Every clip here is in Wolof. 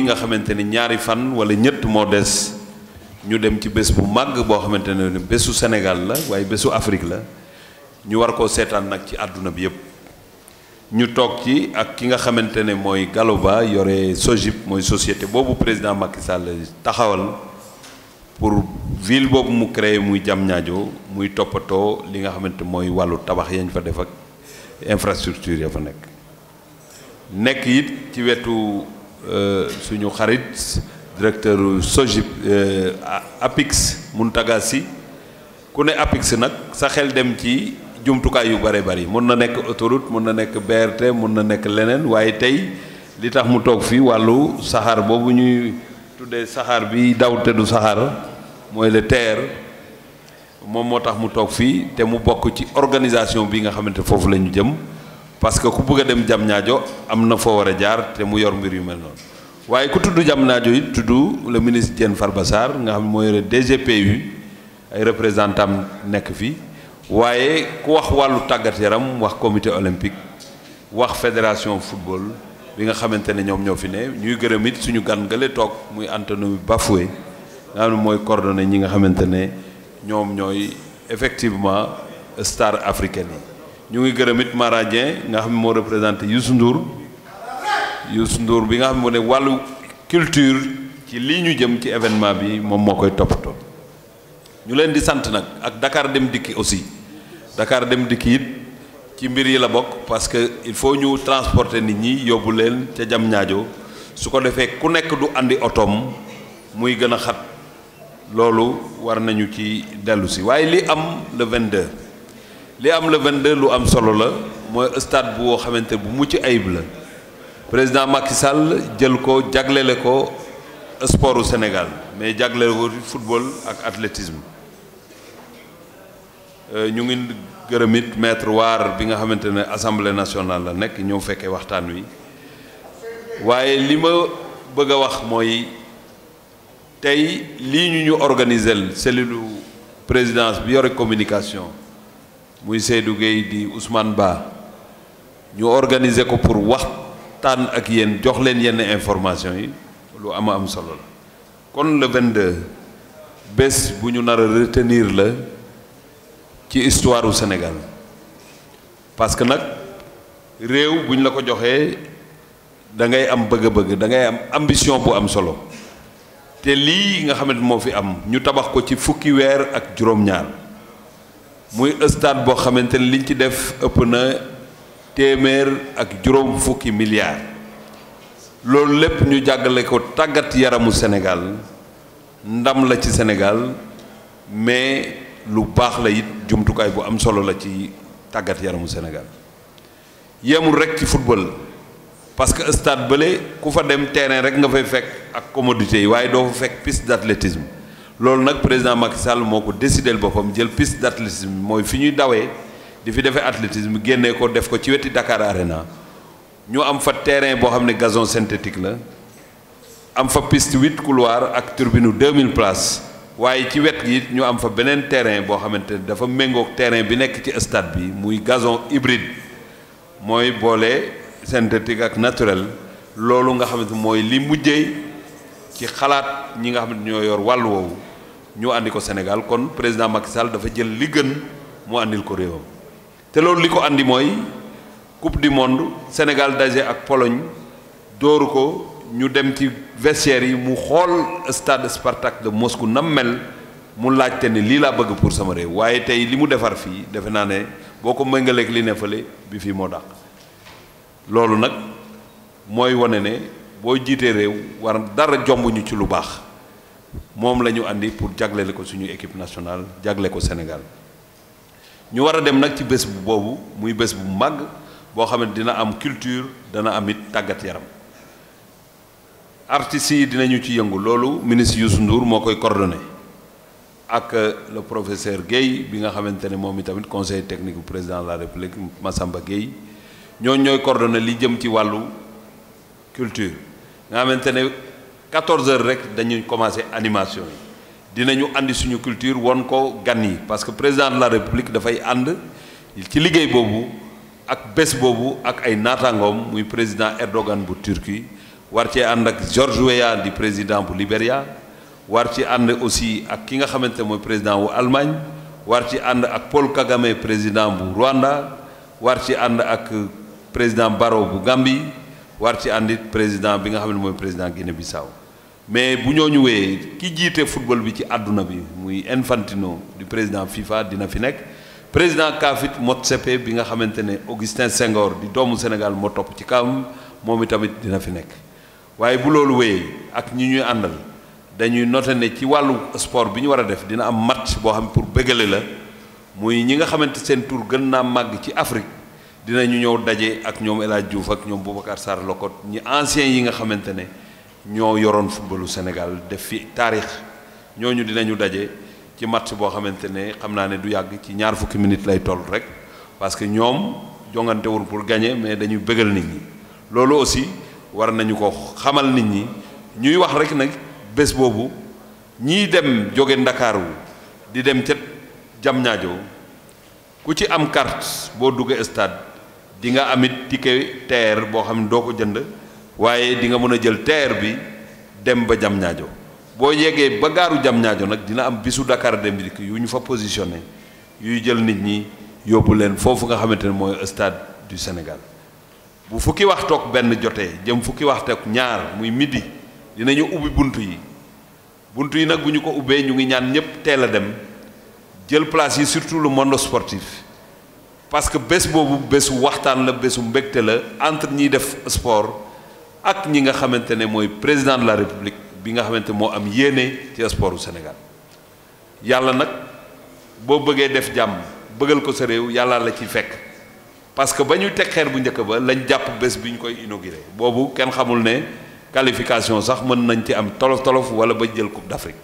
yi nga xamante ne ñaari fan wala ñett moo des ñu dem ci bés bu màgg boo xamante ne bésu Sénégal la waaye bésu Afrique la ñu war koo seetaan nag ci àdduna bi yépp ñu toog ci ak ki nga xamante ne mooy Gallo Ba yore SOGIP mooy société boobu président Macky Sall taxawal pour ville boobu mu créé muy Diamniadio muy toppatoo li nga xamante mooy wàllu tabax yañ fa def ak infrastructure ya fa nekk nekk it ci wetu Euh, suñu xarit directeur SOGIP euh, APIX Mountaga Sy ku ne APIX nag sa xel dem ci jumtukaay yu bare bari mën na nekk autoroute mën na nekk BRT mun na nekk leneen waaye tey li tax mu toog fii wàllu saxaar boobu ñuy tuddee saxaar bi dawte du saxaar mooy le TER moom moo tax mu toog fii te mu bokk ci organisation bi nga xamante foofu la ñu jëm parce que ku bëgg dem jam ñaajo am na foo war a jaar te mu yor mbir yu mel noonu waaye ku tudd jam ñaajo it tudd le ministre Diène Farba Sarr nga xam ne moo yore DGPU ay représentant nekk fi waaye ku wax wàllu tàggat yaram wax comité olympique wax fédération football bi nga xamante ne ñoom ñoo fi ne ñuy gërëm it suñu gan gale toog muy Antoine Bafoué nga xam mooy coordonné ñi nga xamante ne ñoom ñooy effectivement star africaine yi ñu ngi gërëm it Mara nga xam ne moo représenté Youssou Ndour Youssou Ndour bi nga xam ne moo ne wàllu culture ci lii ñu jëm ci événement bi moom moo koy toppatoo ñu leen di sant nag ak dakaar Dem Dikki aussi Dakar Dem Dikki it ci mbir yi la bokk parce que il faut ñu transporter nit ñi yóbbu leen ca jam ñaajo su ko defee ku nekk du indi otom muy gën a xat loolu war nañu ci dellu si waaye li am le 22. li am le 22 lu am solo la mooy stade bu woo xamante bu mucc ayib la président Macky Sall jël ko jaglele ko sportu Sénégal mais jaglele ko football ak athlétisme euh, ñu ngi gërëm it waar bi nga xamante ne assemblée nationale la nekk ñëw fekkee waxtaan wi waaye li ma bëgg a wax mooy tey lii ñu ñu organiser cellule présidence bi yore communication. muy Seydou Gueye di Ousmane Ba ñu organiser ko pour waxtaan ak yéen jox leen yenn information yi lu ama am solo la kon le 22 bés bu ñu nar a la ci histoire u Sénégal parce que nag réew bu ñu la ko joxee da ngay am bëgg-bëgg da ngay am ambition bu am solo te lii nga xamante moo fi am ñu tabax ko ci fukki weer ak juróom-ñaar muy stade boo xamante ne liñ ci def ëpp na téeméer ak juróom fukki milliards loolu lépp ñu jàggale ko tàggat yaramu Sénégal ndam la ci Sénégal mais lu baax la it jumtukaay bu am solo la ci tàggat yaramu Sénégal yemul rek ci football parce que stade bële ku fa dem terrain rek nga fay fekk ak commodité yi waaye doo fa fekk piste d'athlétisme loolu nag président Macky Sall moo ko décidé boppam jël piste d' mooy fi ñuy dawee di fi defee athlétisme génnee ko def ko ci weti Dakar Arena ñu am fa terrain boo xam ne gazon synthétique la am fa piste huit couloir ak turbinu 2000 places waaye ci wet gi ñu am fa beneen terrain boo xamante ne dafa méngoog terrain bi nekk ci stade bi muy gazon hybride mooy boole synthétique ak naturel loolu nga xamante mooy li mujjee ci xalaat ñi nga xam ne ñoo yor wàll woowu. ñu àndi ko Sénégal kon président Macky Sall dafa jël li gën mu andil ko réewam te loolu li ko andi mooy coupe du monde Sénégal daje ak Pologne dooru ko ñu dem ci vestiaire yi mu xool stade Spartak de Moscou nam mel mu laajte ne lii laa bëgg pour sama réew waaye tey li mu defar fii defe naa ne boo ko méngaleeg li ne fële bi fii moo dàq loolu nag mooy wane ne boo jiitee réew war dara jomb ñu ci lu baax moom la ñu andi pour jagleel ko suñu équipe nationale jagle ko Sénégal ñu war a dem nag ci bés bu boobu muy bés bu mag boo xam dina am culture dana am it tàggat yaram artistes yi dinañu ci yëngu loolu ministre Youssou Ndour moo koy coordonné ak euh, le professeur Guèye bi nga xamante ne moom itamit conseil technique bu président de la république Massamba Guèye ñoo ñooy coordonné li jëm ci wàllu culture nga xamante ne 14 heures rek dañuy commencer animation yi dinañu àndi suñu culture won ko gan yi parce que président de la république dafay ànd ci liggéey boobu ak bés boobu ak ay naataangoom muy président Erdogan bu Turquie war cee ànd ak George Weah di président bu Libéria war ci ànd aussi ak ki nga xamante ne mooy président wu Allemagne war ci ànd ak Paul Kagame président bu Rwanda war ci ànd ak président Barrow bu Gambie war ci àndit président bi nga xam ne mooy président Guinée-Bissau mais bu ñoo ñëwee ki jiite football bi ci àdduna bi muy Infantino di président FIFA dina fi nekk président CAF Motsepe bi nga xamante ne Augustin Senghor di doomu Sénégal moo topp ci kawam moom itamit dina fi nekk waaye bu loolu wéyee ak ñi ñuy àndal dañuy noter ne ci wàllu sport bi ñu war a def dina am mat boo xam pour bégale la muy ñi nga xamante seen tour gën naa màgg ci Afrique dinañu ñëw daje ak ñoom El Hadj ak ñoom Boubacar Sarr Lokot ñi anciens yi nga xamante ne. ñoo yoroon footballu Sénégal def fi taarix ñooñu dinañu daje ci match boo xamante ne xam naa ne du yàgg ci ñaar fukki minutes lay toll rek parce que ñoom jongantewul pour gagner mais dañuy bëggal nit ñi loolu aussi war nañu ko xamal nit ñi ñuy wax rek nag bés boobu ñiy dem jóge Ndakaaru di dem ca Diamniadio ku ci am carte boo duggee stade di nga amit ticket TER boo xam ne doo ko jënd waaye di nga mën a jël TER bi dem ba jam ñaajo boo yeggee ba gaaru jamñaajo nag dina am bisu Dakar dem dikk yu ñu fa positionné yuy jël nit ñi yóbbu leen foofu nga xamante ne mooy stade du Sénégal bu fukki wax benn jotee jëm fukki wax ñaar muy midi dinañu ubbi bunt yi bunt yi nag bu ñu ko ubbee ñu ngi ñaan ñëpp teel a dem jël place yi surtout le monde sportif parce que bés boobu bésu waxtaan la bésu mbégte la entre ñiy def sport ak ñi nga xamante ne mooy président de la république bi nga xamante moo am yéene ci sportu Sénégal yàlla nag boo bëggee def jàmm bëggal ko sa réew yàlla la ciy fekk parce que ba ñu teg xeer bu njëkk ba lañ jàpp bés bi ñu koy inauguré boobu kenn xamul ne qualification sax mën nañ ci am tolof tolof wala ba jël coupe d'Afrique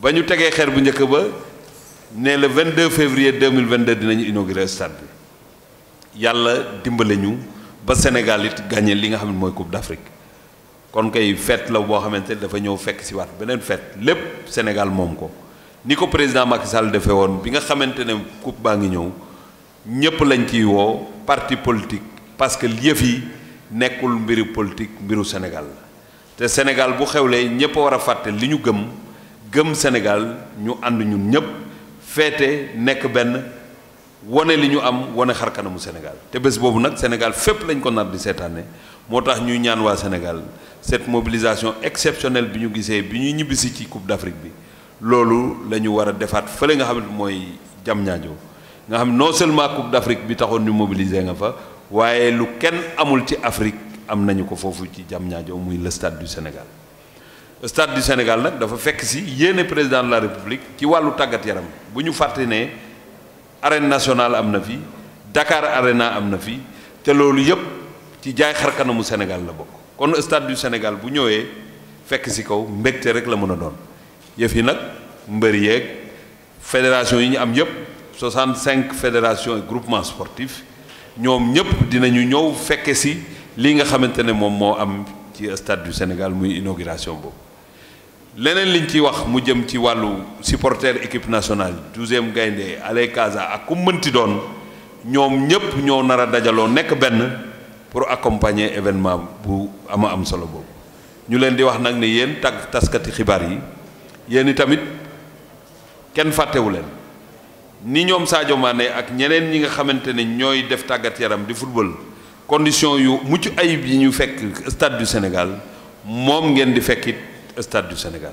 ba ñu tegee xeer bu njëkk ba ne le 22 février 2022 dinañu inauguré stade bi yàlla dimbale ñu. ba Sénégal it gagné li nga xam ne mooy Coupe d'Afrique kon kay fête la boo xamante ne dafa ñëw fekk si waat beneen fête lépp Sénégal moom ko ni ko président Macky Sall defee woon bi nga xamante ne coupe baa ngi ñëw ñépp lañ ciy woo parti politique parce que yëf yi nekkul mbiru politique mbiru Sénégal la te Sénégal bu xewlee ñépp a war a fàtte li ñu gëm gëm Sénégal ñu ànd ñun ñépp féete nekk benn wane li ñu am wane xar kanamu Sénégal te bés boobu nag Sénégal fépp lañ ko nar di seetaane moo tax ñuy ñaan waa Sénégal cette mobilisation exceptionnelle bi ñu gisee bi ñuy ñibbisi ci Coupe d'Afrique bi loolu la ñu war a defaat fële nga xam mooy jam ñaajo nga xam non seulement Coupe d'Afrique bi taxoon ñu mobiliser nga fa waaye lu kenn amul ci Afrique am nañu ko foofu ci jam ñaajo muy le stade du Sénégal le stade du Sénégal nag dafa fekk si yéene président la République ci wàllu tàggat yaram bu ñu fàtte ne arène nationale am na fi Dakar Arena am na fi te loolu yëpp ci jaay xar kanamu Sénégal la bokk kon stade du Sénégal bu ñëwee fekk si kaw mbégte rek la mën a doon yëf yi nag mbër yeeg fédération yi ñu am yëpp 65 fédération et groupement sportif ñoom ñëpp dinañu ñëw fekke si lii nga xamante ne moom moo am ci stade du Sénégal muy inauguration boobu. leneen liñ ci wax mu jëm ci wàllu supporter équipe nationale douzième gaynde ale Casa ak ku mënti doon ñoom ñépp ñoo nar a dajaloo nekk benn pour accompagner événement bu ama am solo boobu ñu leen di wax nag ni yéen tag taskati xibaar yi yéen i tamit kenn fàttewu leen ni ñoom Sadio Mané ak ñeneen ñi nga xamante ne ñooy def tàggat yaram di football condition yu mucc ayib yi ñu fekk stade du Sénégal moom ngeen di fekkit stade du Sénégal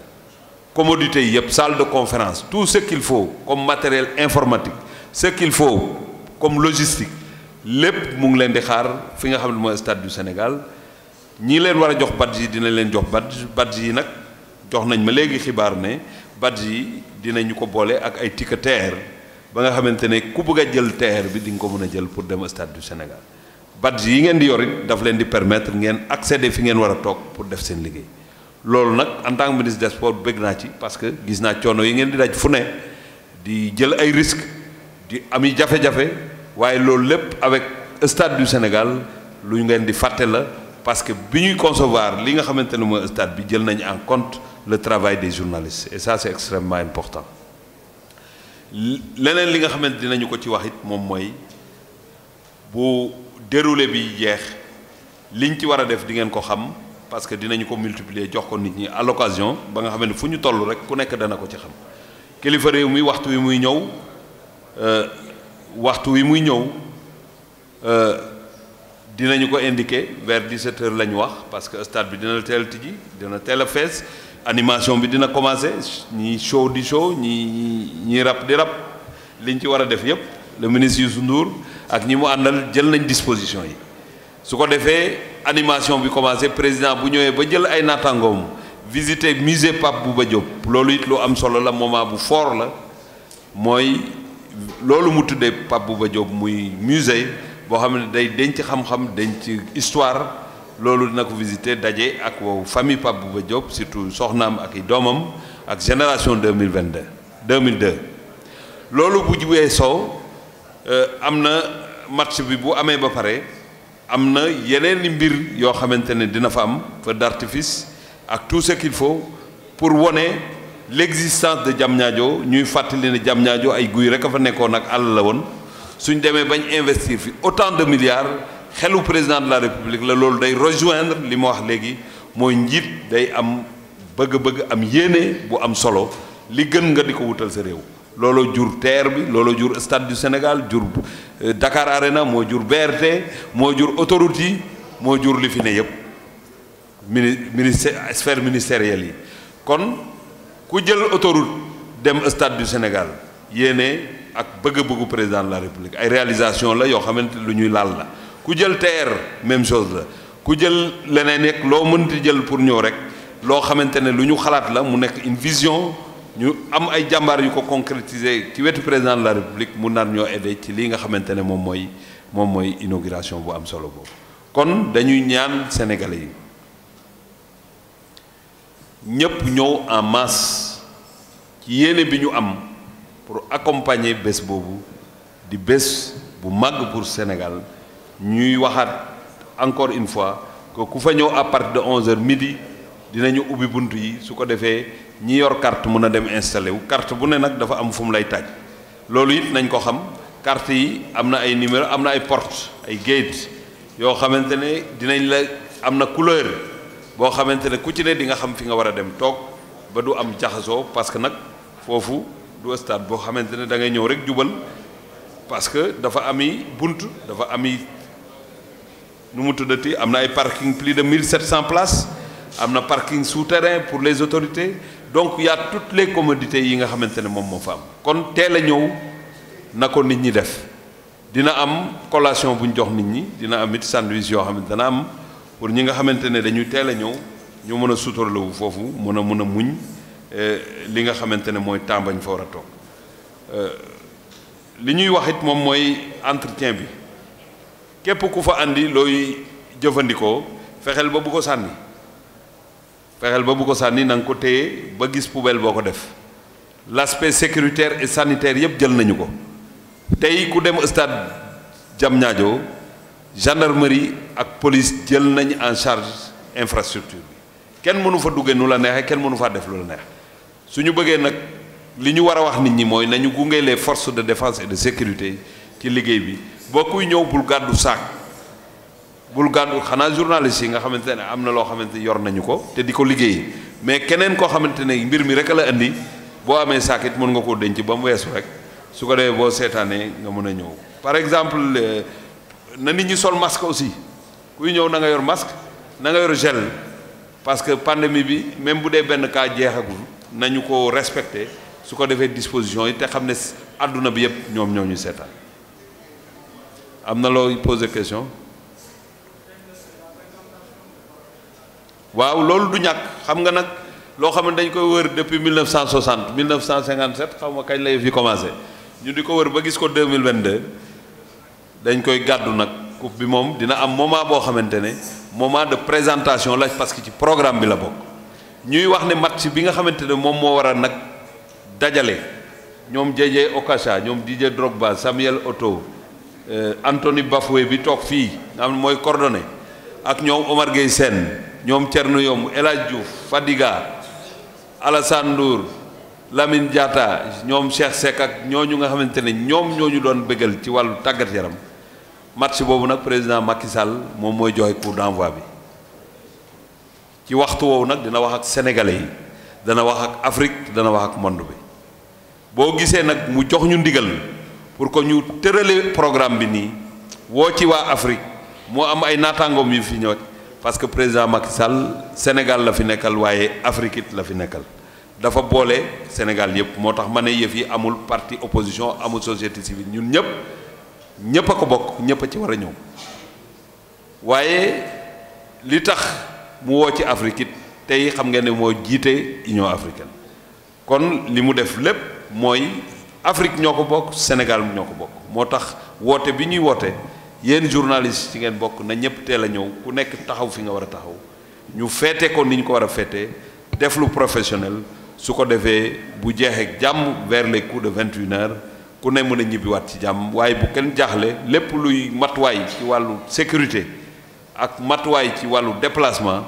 commodité yi yëpp salle de conférence tout ce qu'il faut comme matériel informatique ce qu'il faut comme logistique lépp mu ngi leen di xaar fi nga xam ne mooy stade du Sénégal ñii leen war a jox badge yi dinañ leen jox badge badge yi nag jox nañ ma léegi xibaar ne badge yi dinañu ko boole ak ay ticket TER ba nga xamante ne ku bëgg a jël TER bi di nga ko mën a jël pour dem stade du Sénégal badge yi ngeen di yorit daf leen di permetre ngeen accéder fi ngeen war a toog pour def seen liggéey loolu nag en tant que ministre des bëgg naa ci parce que gis naa coono yi ngeen di daj fu ne di jël ay risques di ami jafe-jafe waaye loolu lépp avec stade du Sénégal lu ngeen di fàtte la parce que bi ñuy concevoir li nga xamante ne mooy stade bi jël nañu en compte le travail des journalistes et ça c'est extrêmement important leneen li nga xamante dinañu ko ci wax it moom mooy bu déroulé bi jeex liñ ci war a def di ngeen ko xam parce que dinañu ko multiplier jox ko nit ñi à ba nga xam ne fu ñu tollu rek ku nekk dana ko ci xam kilifa réew mi waxtu wi muy ñëw euh, waxtu wi muy ñëw euh, dinañu ko indiqué vers 17 heures la ñu wax parce que stade bi dina teel a tijji dina teel a fees animation bi dina commencé ñi show di show ñi ñi rap di rap liñ ci war a def yépp le ministre Youssou Ndour ak ñi mu àndal jël nañ disposition yi su ko defee animation bi commencé président bu ñëwee ba jël ay naataangoom visiter musée Pape Bouba Diop loolu it lu am solo la moment bu foor la mooy loolu mu tuddee bu ba Diop muy musée boo xam ne day denc xam-xam denc histoire loolu dina ko visiter daje ak wow famille Pape Bouba Diop surtout soxnaam ak i doomam ak génération 2022 2002 loolu bu weesoo euh, am na match bi bu amee ba pare am na yeneen i mbir yoo xamante ne dina fa am feu d'artifice ak tout ce qu'il faut pour wone l'existence de Diamniadio ñuy fàttali ne Diamniadio ay guy rek a fa nekkoon ak àll la woon suñ demee bañ investir fi autant de milliards xelu président de la république la loolu day rejoindre li ma wax léegi mooy njiit day am bëgg-bëgg am yéene bu am solo li gën nga di ko wutal sa réew looloo jur TER bi looloo jur stade du Sénégal jur euh, Dakar Arena moo jur BRT moo jur autoroute yi moo jur li fi ne yëpp mini ministère sphère ministérielle yi kon ku jël autoroute dem stade du Sénégal yéene ak bëgg-bëggu président de la République ay réalisation la yoo xamante lu ñuy laal la ku jël TER même chose la ku jël leneen nekk loo mënti jël pour ñëw rek loo xamante ne lu ñu xalaat la mu nekk une vision ñu am ay jàmbaar yu ko concrétiser ci wetu président de la république mun naan ñoo aider ci lii nga xamante ne moom mooy moom mooy inauguration bu am solo boobu kon dañuy ñaan sénégalais yi ñëpp ñëw en masse ci yéene bi ñu am pour accompagner bés boobu di bés bu màgg pour Sénégal ñuy waxaat encore une fois que ku fa ñëw à partir de 11h midi. dinañu ubbi bunt yi su ko defee ñi yor carte mun a dem installé wu carte bu ne nag dafa am fu lay taaj loolu it nañ ko xam carte yi am na ay numéro am na ay porte ay gate yoo xamante ne dinañ la am na couleur boo xamante ne ku ci ne di nga xam fi nga war a dem toog ba du am jaxasoo parce que nag foofu du stade boo xamante ne da ngay ñëw rek jubal parce que dafa ami bunt dafa ami nu mu tuddati am na ay parking plus de mille 1700 place am na parking souterrain pour les autorités donc y a toutes les commodités yi nga xamante ne moom moo fa am kon teel a ñëw na ko nit ñi def dina am collation buñ jox nit ñi dina am it sandwich yoo xam ne dana am pour ñi nga xamante ne dañuy teel a ñëw ñu mën a suturlawu foofu mën a mun a muñ eh, li nga xamante ne mooy tàmbañ bañ fa war a toog eh, li ñuy wax it moom mooy entretien bi képp ku fa andi looy jëfandikoo fexeel ba bu ko sànni. fexeel ba bu ko sànni nanga ko téye ba gis poubelle boo ko def l' aspect sécuritaire et sanitaire yëpp jël nañu ko tey ku dem stade Diamniadio gendarmerie ak police jël nañ en charge infrastructure bi kenn mënu fa duggee nu la neexee kenn mënu faa def lu la neex ñu bëggee nag li ñu war a wax nit ñi mooy nañu gunge les forces de défense et de sécurité ci liggéey bi boo kuy ñëw bul gàddu saak bul gàndu xanaa journaliste yi nga xamante ne am na loo xamante yor nañu ko te di ko liggéey mais keneen koo xamante ne mbir mi rek la indi boo amee saakit mën nga koo denc ba mu weesu rek su ko defee boo seetaanee nga mën a ñëw par exemple euh, na nit ñi sol masque aussi kuy ñëw na nga yor masque na nga yor gel parce que pandémie bi même bu dee benn cas jeexagul nañu ko respecté su ko defee disposition yi te xam ne àdduna bi yëpp ñoom ñoo ñu seetaan am na looy posé question waaw loolu du ñàkk xam nga nag loo xam ne dañ koy wër depuis 1960 1957 xaw ma kañ la fi commencé ñu di ko wër ba gis ko 2022 dañ koy gàddu nag coupe bi moom dina am moment boo xamante ne moment de présentation la parce que ci programme bi la bokk ñuy wax ne match bi nga xamante ne moom moo war a nag dajale ñoom Jay-Jay ñoom Didier Drogba Samuel oto euh, Anthony Bafoué bi toog fii nga xam ne mooy coordonné ak ñoom Omar Gueye ñoom Thierno Yomb El Hadj Diouf Fadiga Alassane Ndour Lamine Diatta ñoom Cheikh Seck ak ñooñu nga xamante ne ñoom ñooñu doon bëggal ci wàllu tàggat yaram match boobu nag président Macky Sall moom mooy joxe coup d'envoi bi ci waxtu woowu nag dina wax ak sénégalais yi dana wax ak Afrique dana wax ak monde bi boo gisee nag mu jox ñu ndigal pour que ñu tërale programme bi nii woo ci waa Afrique moo am ay naataangoom yu fi ñëw parce que président Macky Sall Sénégal la fi nekkal waaye Afrique it la fi nekkal dafa boole Sénégal yëpp moo tax ma ne yëf yi amul parti opposition amul société civile ñun ñëpp ñëpp a ko bokk ñëpp a ci war a ñëw waaye li tax mu woo ci Afrique it tey xam nga ne moo jiite Union africaine kon li mu def lépp mooy Afrique ñoo ko bokk Sénégal ñoo ko bokk moo tax woote bi ñuy woote. yéen journaliste ci ngeen bokk na ñëpp teel a ñëw ku nekk taxaw fi nga war a taxaw ñu feete ko ni ñu ko war a feete def lu professionnel su ko defee bu jeexee jàmm vers les de vingt une ku ne mën a ñibbiwaat ci jàmm waaye bu kenn jaaxle lépp luy matuwaay ci wàllu sécurité ak matuwaay ci wàllu déplacement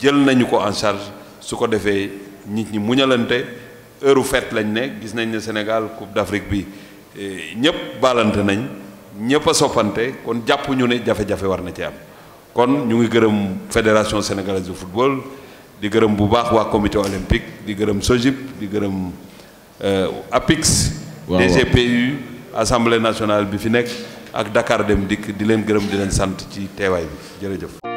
jël nañu ko en charge su ko defee nit ñi muñalante heure fête lañ ne gis nañ ne Sénégal Coupe d'Afrique bi eh, ñëpp balante nañ. ñëpp a soppante kon jàpp ñu ne jafe-jafe war na ci am kon ñu ngi gërëm fédération sénégalaise de football di gërëm bu baax waa comité olympique di gërëm SOGIP di gërëm euh, APIX. waaw DGPU assemblée nationale bi fi nekk ak Dakar dem dikk di leen gërëm di leen sant ci teewaay bi jërëjëf.